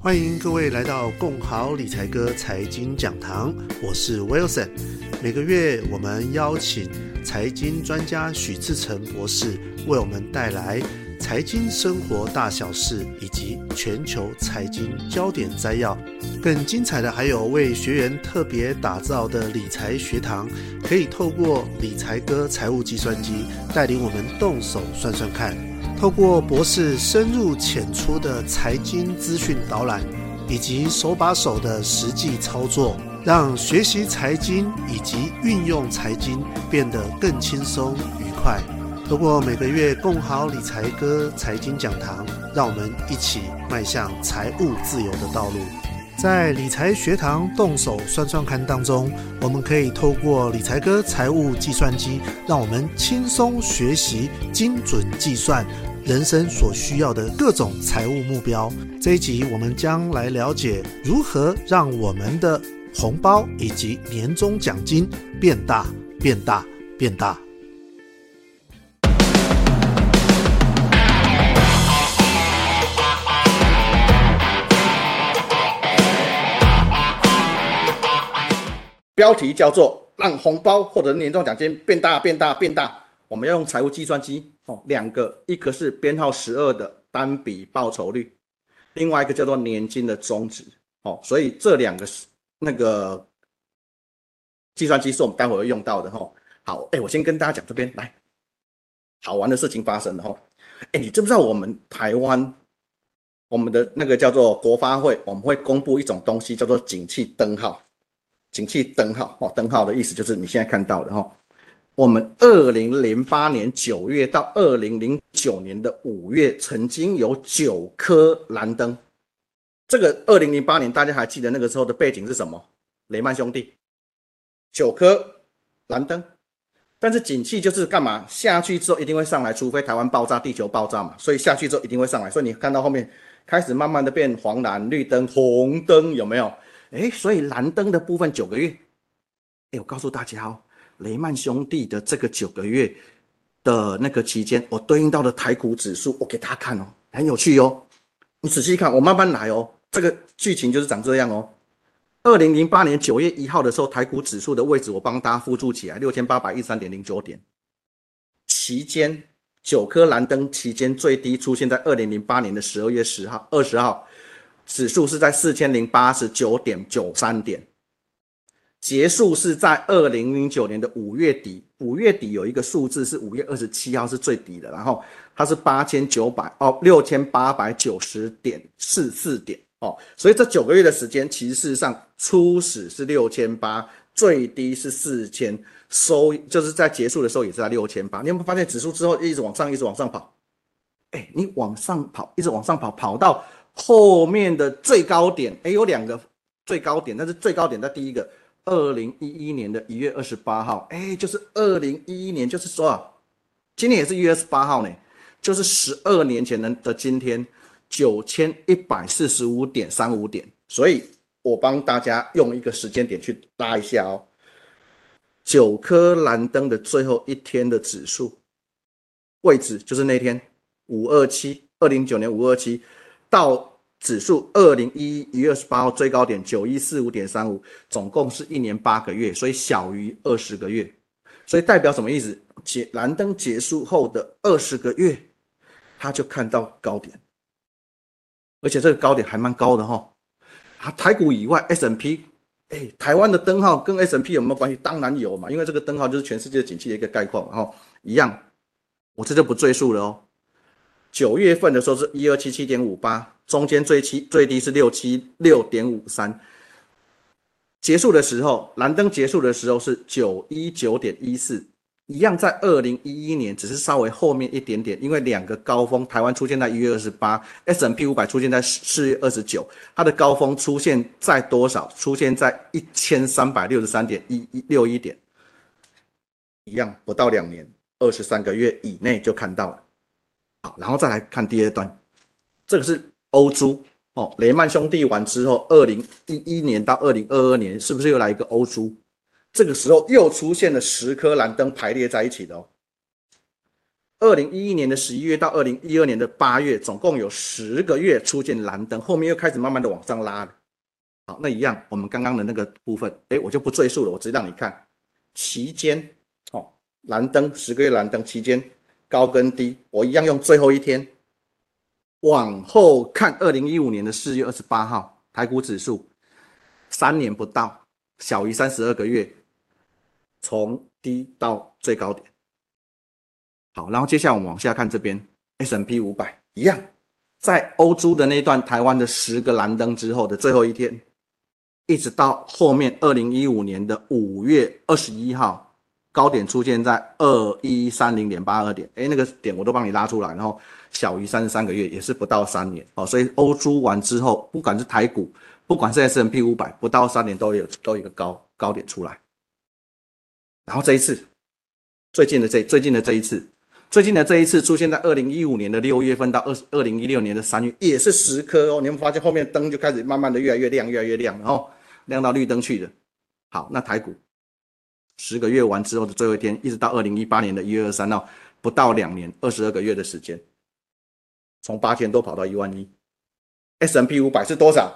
歡迎各位來到共好理財鴿財經講堂，我是 Wilson。每個月我們邀請財經專家許志成博士為我們帶來財經生活大小事以及全球財經焦點摘要。更精彩的還有為學員特別打造的理財學堂，可以透過理財鴿財務計算機帶領我們動手算算看。透過博士深入淺出的財經資訊導覽，以及手把手的實際操作，讓學習財經以及運用財經變得更輕鬆愉快。透過每個月共好理財鴿財經講堂，讓我們一起邁向財務自由的道路。在理財學堂動手算算看當中，我們可以透過理財鴿財務計算機，讓我們輕鬆學習精準計算。人生所需要的各種財務目標。這一集我們將來了解如何讓我們的紅包以及年終獎金變大、變大、變大。標題叫做“讓紅包或者年終獎金變大、變大、變大”。我們要用財務計算機。兩個，一個是編號十二的單筆報酬率，另外一個叫做年金的終值。哦，所以這兩個是那個計算機，是我們待會兒會用到的哈、哦。好，哎、欸，我先跟大家講這邊來，好玩的事情發生了哈。哎、哦欸，你知不知道我們台灣，我們的那個叫做國發會，我們會公布一種東西叫做景氣燈號。景氣燈號，哦，燈號的意思就是你現在看到的哈。哦我們二零零八年九月到二零零九年的五月，曾經有九顆藍燈。這個二零零八年大家還記得那個時候的背景是什麼？雷曼兄弟，九顆藍燈。但是景氣就是幹嘛？下去之後一定會上來，除非台灣爆炸、地球爆炸嘛。所以下去之後一定會上來。所以你看到後面開始慢慢的變黃、藍、綠燈、紅燈，有沒有？哎，所以藍燈的部分九個月。哎，我告訴大家哦。雷曼兄弟的這個九個月的那個期間，我對應到的台股指數，我給大家看哦，很有趣哦。你仔細看，我慢慢來哦。這個劇情就是長這樣哦。二零零八年九月一號的時候，台股指數的位置，我幫大家附註起來，六千八百一十三點零九點。期間九顆藍燈期間最低出現在二零零八年的十二月十號、二十號，指數是在四千零八十九點九三點。結束是在二零零九年的五月底，五月底有一個數字是五月二十七號是最低的，然後它是八千九百哦，六千八百九十點四四點哦，所以這九個月的時間，其實事實上初始是六千八，最低是四千，收就是在結束的時候也是在六千八。你有沒有發現指數之後一直往上，一直往上跑？哎、欸，你往上跑，一直往上跑，跑到後面的最高點，哎、欸，有兩個最高點，但是最高點在第一個。二零一一年的一月二十八號，哎、欸，就是二零一一年，就是說，今年也是一月二十八號呢，就是十二年前的的今天，九千一百四十五點三五點，所以我幫大家用一個時間點去拉一下哦、喔，九顆藍燈的最後一天的指數位置，就是那天五二七，二零零九年五二七，到。指數二零一一一月二十八號最高點九一四五點三五，總共是一年八個月，所以小於二十個月，所以代表什麼意思？結藍燈結束後的二十個月，他就看到高點，而且這個高點還蠻高的哈。啊，台股以外 S&P，哎、欸，台灣的燈號跟 S&P 有沒有關係？當然有嘛，因為這個燈號就是全世界景氣的一個概況，然後一樣，我這就不贅述了哦、喔。九月份的時候是一二七七點五八。中間最低最低是六七六點五三。結束的時候，藍燈結束的時候是九一九點一四，一樣在二零一一年，只是稍微後面一點點，因為兩個高峰，台灣出現在一月二十八，S&P 五百出現在四月二十九，它的高峰出現在多少？出現在一千三百六十三點一一六一點，一樣不到兩年二十三個月以內就看到了，好，然後再來看第二段，這個是。歐豬哦，雷曼兄弟完之後，二零一一年到二零二二年，是不是又來一個歐豬？這個時候又出現了十顆藍燈排列在一起的哦。二零一一年的十一月到二零一二年的八月，總共有十個月出現藍燈，後面又開始慢慢的往上拉了。好，那一樣，我們剛剛的那個部分，誒、欸，我就不贅述了，我直接讓你看。期間哦，藍燈，十個月藍燈期間高跟低，我一樣用最後一天。往後看，二零一五年的四月二十八號，台股指數三年不到，小於三十二個月，從低到最高點。好，然後接下來我們往下看這邊 S&P 五百一樣，在歐洲的那段台灣的十個藍燈之後的最後一天，一直到後面二零一五年的五月二十一號，高點出現在二一三零點八二點，誒、欸，那個點我都幫你拉出來，然後。小於三十三個月，也是不到三年哦。所以歐豬完之後，不管是台股，不管是 S&P 五百，不到三年都有都有一個高高點出來。然後這一次最近的這最近的這一次，最近的這一次出現在二零一五年的六月份到二二零一六年的三月，也是十顆哦。你們發現後面燈就開始慢慢的越來越亮，越來越亮了，哦，然後亮到綠燈去的。好，那台股十個月完之後的最後一天，一直到二零一八年的一月二三號，不到兩年，二十二個月的時間。從八千多跑到一萬一，S&P 五百是多少？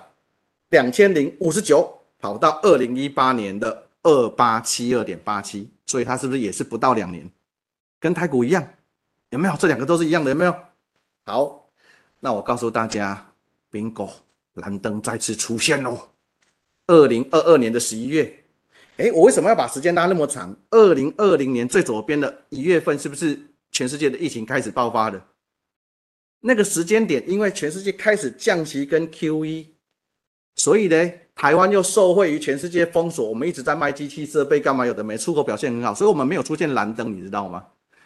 兩千零五十九，跑到二零一八年的二八七二點八七，所以它是不是也是不到兩年？跟台股一樣，有沒有？這兩個都是一樣的，有沒有？好，那我告訴大家，Bingo，藍燈再次出現嘍。二零二二年的十一月，誒、欸，我為什麼要把時間拉那麼長？二零二零年最左邊的一月份，是不是全世界的疫情開始爆發的？那個時間點，因為全世界開始降息跟 QE，所以呢，台灣又受惠於全世界封鎖，我們一直在賣機器設備，幹嘛有的沒，出口表現很好，所以我們沒有出現藍燈，你知道嗎？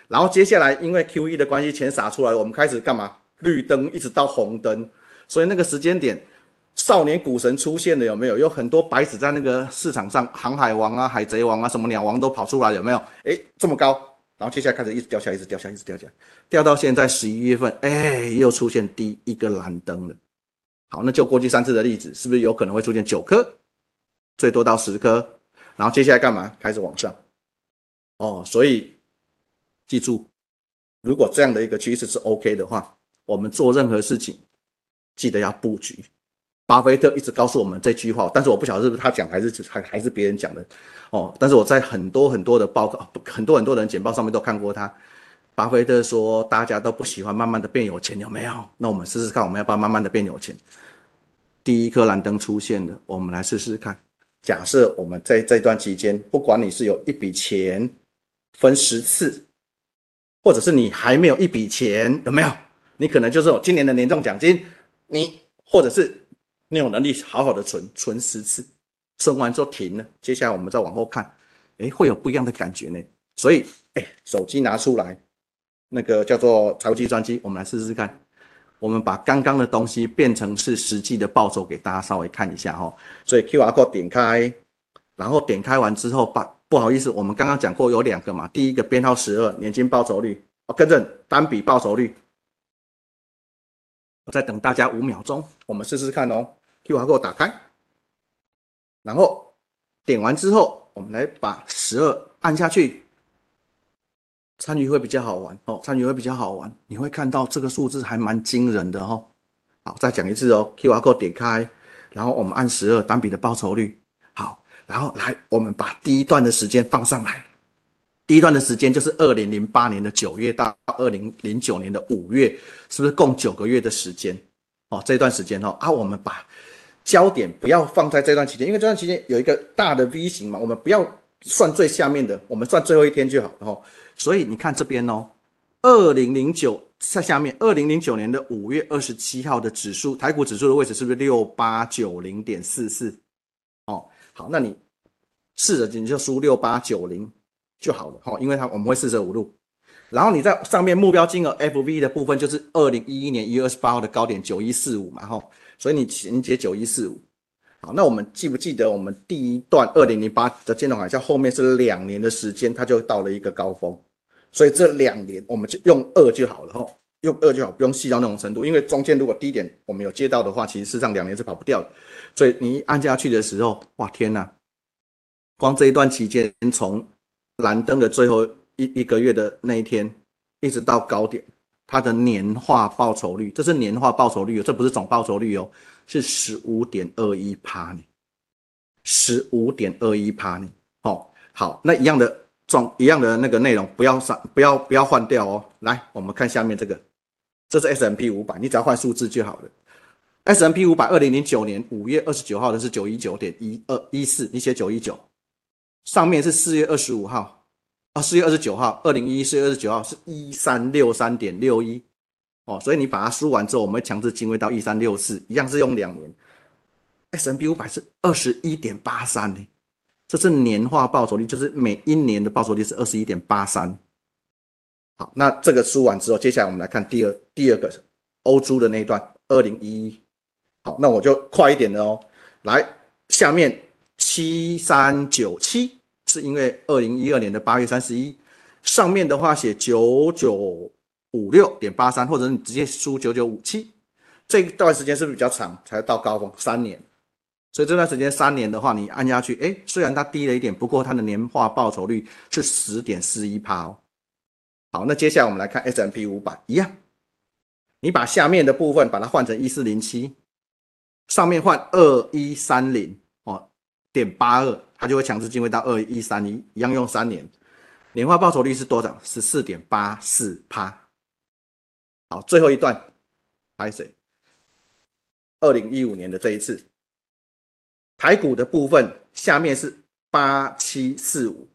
然後接下來因為 QE 的關係，錢灑出來，我們開始幹嘛？綠燈一直到紅燈，所以那個時間點，少年股神出現了，有沒有？有很多白紙在那個市場上，航海王啊、海賊王啊、什麼鳥王都跑出來，有沒有？誒、欸，這麼高。然後接下來開始一直掉下，一直掉下，一直掉下，掉到現在十一月份，哎，又出現第一個藍燈了。好，那就過去三次的例子，是不是有可能會出現九顆，最多到十顆？然後接下來幹嘛？開始往上。哦，所以記住，如果這樣的一個趨勢是 OK 的話，我們做任何事情記得要佈局。巴菲特一直告訴我們這句話，但是我不曉得是不是他講，還是還還是別人講的，哦。但是我在很多很多的報告、很多很多人簡報上面都看過他。巴菲特說：“大家都不喜歡慢慢的變有錢，有沒有？那我們試試看，我們要不要慢慢的變有錢。第一顆藍燈出現了，我們來試試看。假設我們在這段期間，不管你是有一筆錢分十次，或者是你還沒有一筆錢，有沒有？你可能就是我今年的年終獎金，你或者是。”那種能力好好的存，存十次，存完之後停了，接下來我們再往後看，誒、欸，會有不一樣的感覺呢。所以，誒、欸，手機拿出來，那個叫做超級專機，我們來試試看。我們把剛剛的東西變成是實際的報酬給大家稍微看一下哦，所以 QR code 點開，然後點開完之後，把不好意思，我們剛剛講過有兩個嘛，第一個編號十二年金報酬率，哦，更正，單筆報酬率。我再等大家五秒鐘，我們試試看哦。QR Code 打開，然後點完之後，我們來把十二按下去，參與會比較好玩哦，參與會比較好玩。你會看到這個數字還蠻驚人的哦。好，再講一次哦，QR Code 點開，然後我們按十二單筆的報酬率。好，然後來我們把第一段的時間放上來。第一段的時間就是二零零八年的九月到二零零九年的五月，是不是共九個月的時間？哦，這一段時間哦啊，我們把焦點不要放在這段期間，因為這段期間有一個大的 V 型嘛，我們不要算最下面的，我們算最後一天就好。哦，所以你看這邊哦，二零零九在下面，二零零九年的五月二十七號的指數，台股指數的位置是不是六八九零點四四？哦，好，那你試着你就輸六八九零。就好了哈，因為它我們會四舍五入，然後你在上面目標金額 FV 的部分就是二零一一年一月二十八號的高點九一四五嘛哈，所以你直接九一四五。好，那我們記不記得我們第一段二零零八的金融海嘯後面是兩年的時間，它就到了一個高峰，所以這兩年我們就用二就好了哈，用二就好，不用細到那種程度，因為中間如果低點我們有接到的話，其實事實上兩年是跑不掉的，所以你按下去的時候，哇天吶，光這一段期間從藍燈的最後一一個月的那一天，一直到高點，它的年化報酬率，這是年化報酬率哦，這不是總報酬率哦，是十五點二一趴呢，十五點二一趴呢。哦，好，那一樣的總一樣的那個內容，不要刪，不要不要換掉哦。來，我們看下面這個，這是 S M P 五百，你只要換數字就好了。S M P 五百二零零九年五月二十九號的是九一九點一二一四，你寫九一九。上面是四月二十五號啊，四月二十九號，二零一一四月二十九號是一三六三點六一哦，所以你把它輸完之後，我們會強制進位到一三六四，一樣是用兩年。S M B 五百是二十一點八三呢，這是年化報酬率，就是每一年的報酬率是二十一點八三。好，那這個輸完之後，接下來我們來看第二第二個歐洲的那一段二零一一。好，那我就快一點的哦，來下面七三九七。是因為二零一二年的八月三十一，上面的話寫九九五六點八三，或者你直接輸九九五七，這段時間是不是比較長？才到高峰三年，所以這段時間三年的話，你按下去，哎，雖然它低了一點，不過它的年化報酬率是十點四一趴哦。好，那接下來我們來看 S&P 五百一樣，你把下面的部分把它換成一四零七，上面換二一三零哦點八二。82它就會強制進位到二一三一，一樣用三年，年化報酬率是多少？十四點八四趴。好，最後一段，海水，二零一五年的這一次，台股的部分下面是八七四五，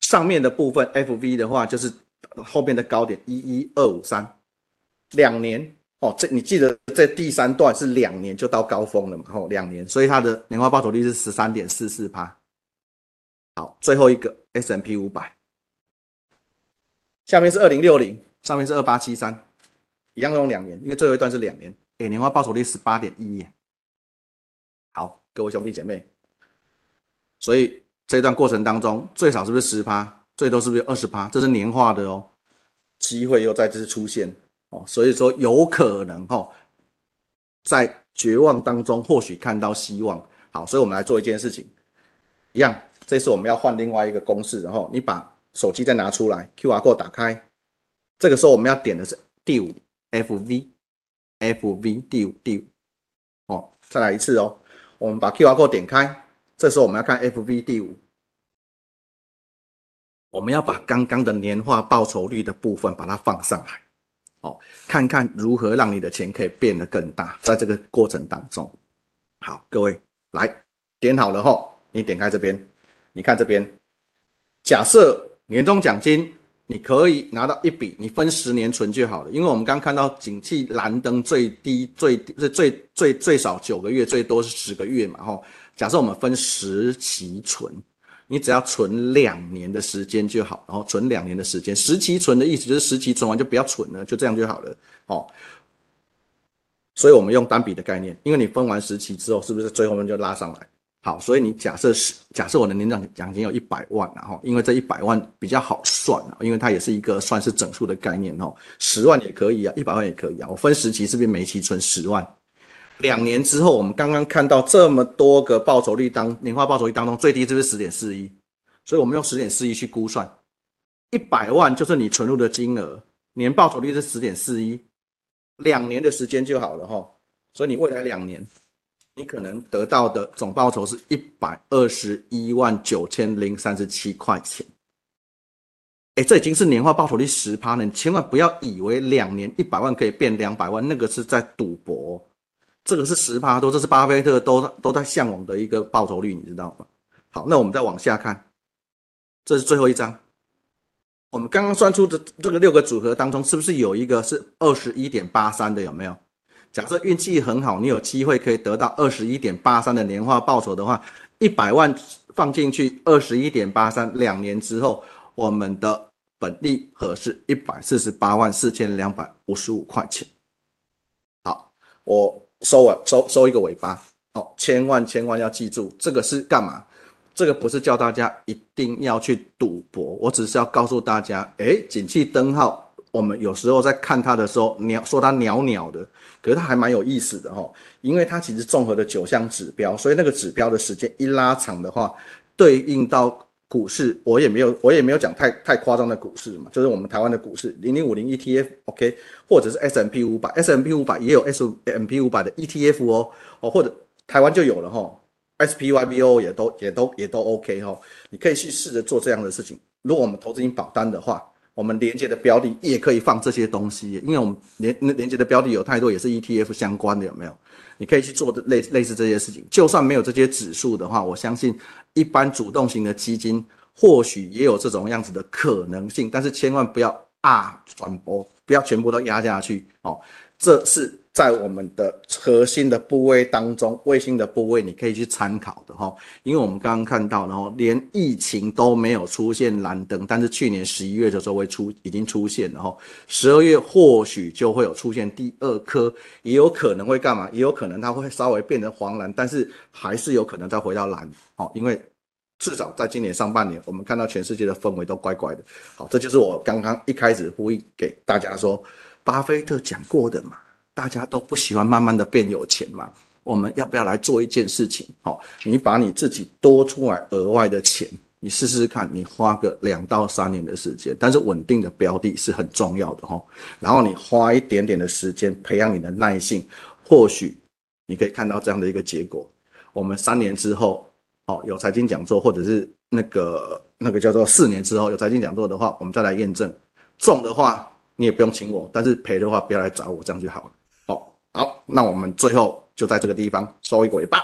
上面的部分 FV 的話就是後面的高點一一二五三，兩年。哦，這你記得這第三段是兩年就到高峰了嘛？哦，兩年，所以它的年化報酬率是十三點四四趴。好，最後一個 S&P 五百，下面是二零六零，上面是二八七三，一樣用兩年，因為最後一段是兩年，誒，年化報酬率十八點一。好，各位兄弟姐妹，所以這段過程當中最少是不是十趴？最多是不是二十趴，這是年化的哦，機會又再次出現。所以說有可能哈，在絕望當中或許看到希望。好，所以我們來做一件事情，一樣，這次我們要換另外一個公式。然後你把手機再拿出來，QR code 打開。這個時候我們要點的是第五，FV，FV 第五第五。哦，再來一次哦，我們把 QR code 點開。這時候我們要看 FV 第五，我們要把剛剛的年化報酬率的部分把它放上來。好、哦，看看如何讓你的錢可以變得更大。在這個過程當中，好，各位來點好了哈，你點開這邊，你看這邊，假設年終獎金你可以拿到一筆，你分十年存就好了。因為我們剛看到景氣藍燈最低，最低最最最最少九個月，最多是十個月嘛哈、哦。假設我們分十期存。你只要存兩年的時間就好，然後存兩年的時間，十期存的意思就是十期存完就不要存了，就這樣就好了哦。所以，我們用單筆的概念，因為你分完十期之後，是不是最後面就拉上來？好，所以你假設十，假設我的年終獎金有一百萬，然後因為這一百萬比較好算啊，因為它也是一個算是整數的概念哦，十萬也可以啊，一百萬也可以啊，我分十期是不是每期存十萬？兩年之後，我們剛剛看到這麼多個報酬率當年化報酬率當中最低就是十點四一，所以我們用十點四一去估算，一百萬就是你存入的金額，年報酬率是十點四一，兩年的時間就好了哈。所以你未來兩年，你可能得到的總報酬是一百二十一萬九千零三十七塊錢。哎，這已經是年化報酬率十趴了，你千萬不要以為兩年一百萬可以變兩百萬，那個是在賭博。這個是十%多，這是巴菲特都都在嚮往的一個報酬率，你知道嗎？好，那我們再往下看，這是最後一張。我們剛剛算出的這個六個組合當中，是不是有一個是二十一點八三的？有沒有？假設運氣很好，你有機會可以得到二十一點八三的年化報酬的話，一百萬放進去，二十一點八三，兩年之後，我們的本利和是一百四十八萬四千兩百五十五塊錢。好，我。收啊，收收一個尾巴，哦，千萬千萬要記住，這個是幹嘛？這個不是叫大家一定要去賭博，我只是要告訴大家，誒，景氣燈號，我們有時候在看它的時候，你要說它鳥鳥的，可是它還蠻有意思的哈、哦，因為它其實綜合了九項指標，所以那個指標的時間一拉長的話，對應到。股市我也沒有，我也沒有講太太誇張的股市嘛，就是我們台灣的股市零零五零 ETF OK，或者是 S&P 五百，S&P 五百也有 S&P 五百的 ETF 哦哦，或者台灣就有了哈，喔、，S P Y B O 也，也都也都也都 OK 哈、喔，你可以去試着做這樣的事情。如果我們投資你保單的話。我們連接的標的也可以放這些東西，因為我們連連接的標的有太多，也是 ETF 相關的，有沒有？你可以去做的類似類似這些事情。就算沒有這些指數的話，我相信一般主動型的基金或許也有這種樣子的可能性，但是千萬不要啊轉播，不要全部都壓下去哦，這是。在我們的核心的部位當中，衛星的部位你可以去參考的吼，因為我們剛剛看到，然後連疫情都沒有出現藍燈，但是去年十一月的時候會出，已經出現了吼，十二月或許就會有出現第二顆，也有可能會幹嘛？也有可能它會稍微變成黃藍，但是還是有可能再回到藍哦，因為至少在今年上半年，我們看到全世界的氛圍都怪怪的。好，這就是我剛剛一開始呼應給大家說，巴菲特講過的嘛。大家都不喜歡慢慢的變有錢嘛？我們要不要來做一件事情？哦，你把你自己多出來額外的錢，你試試看，你花個兩到三年的時間，但是穩定的標的是很重要的哈。然後你花一點點的時間培養你的耐性，或許你可以看到這樣的一個結果。我們三年之後，哦，有財經講座，或者是那個那個叫做四年之後有財經講座的話，我們再來驗證。中的話你也不用請我，但是賠的話不要來找我，這樣就好了。好，那我們最後就在這個地方收一個尾巴。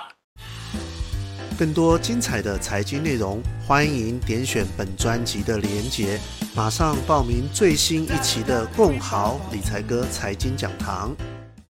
更多精彩的財經內容，歡迎點選本專輯的連結，馬上報名最新一期的共好理財鴿財經講堂。